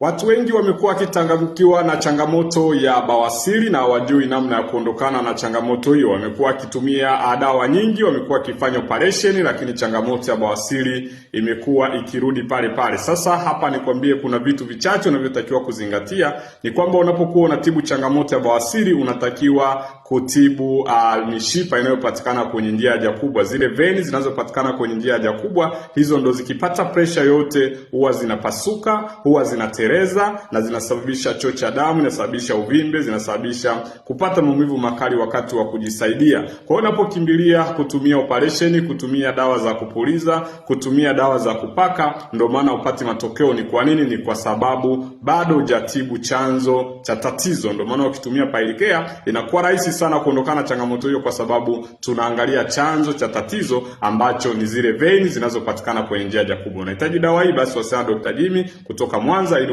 Watu wengi wamekuwa wakitangamkiwa na changamoto ya bawasiri na hawajui namna ya kuondokana na changamoto hiyo. Wamekuwa wakitumia dawa nyingi, wamekuwa wakifanya operation, lakini changamoto ya bawasiri imekuwa ikirudi pale pale. Sasa hapa nikwambie, kuna vitu vichache unavyotakiwa kuzingatia. Ni kwamba unapokuwa unatibu changamoto ya bawasiri, unatakiwa kutibu uh, mishipa inayopatikana kwenye njia haja kubwa. Zile veni zinazopatikana kwenye njia haja kubwa hizo ndo zikipata presha yote huwa zinapasuka, huwa zinatereza na zinasababisha choo cha damu, inasababisha uvimbe, zinasababisha kupata maumivu makali wakati wa kujisaidia. Kwa hiyo unapokimbilia kutumia operation, kutumia dawa za kupuliza, kutumia dawa za kupaka, ndo maana upati matokeo. Ni kwa nini? Ni kwa sababu bado hujatibu chanzo cha tatizo. Ndio maana ukitumia Pailikea inakuwa rahisi sana kuondokana changamoto hiyo, kwa sababu tunaangalia chanzo cha tatizo ambacho ni zile veini zinazopatikana kwenye njia ya Jakubu. Unahitaji dawa hii, basi wasiana Dr. Jimmy kutoka Mwanza ili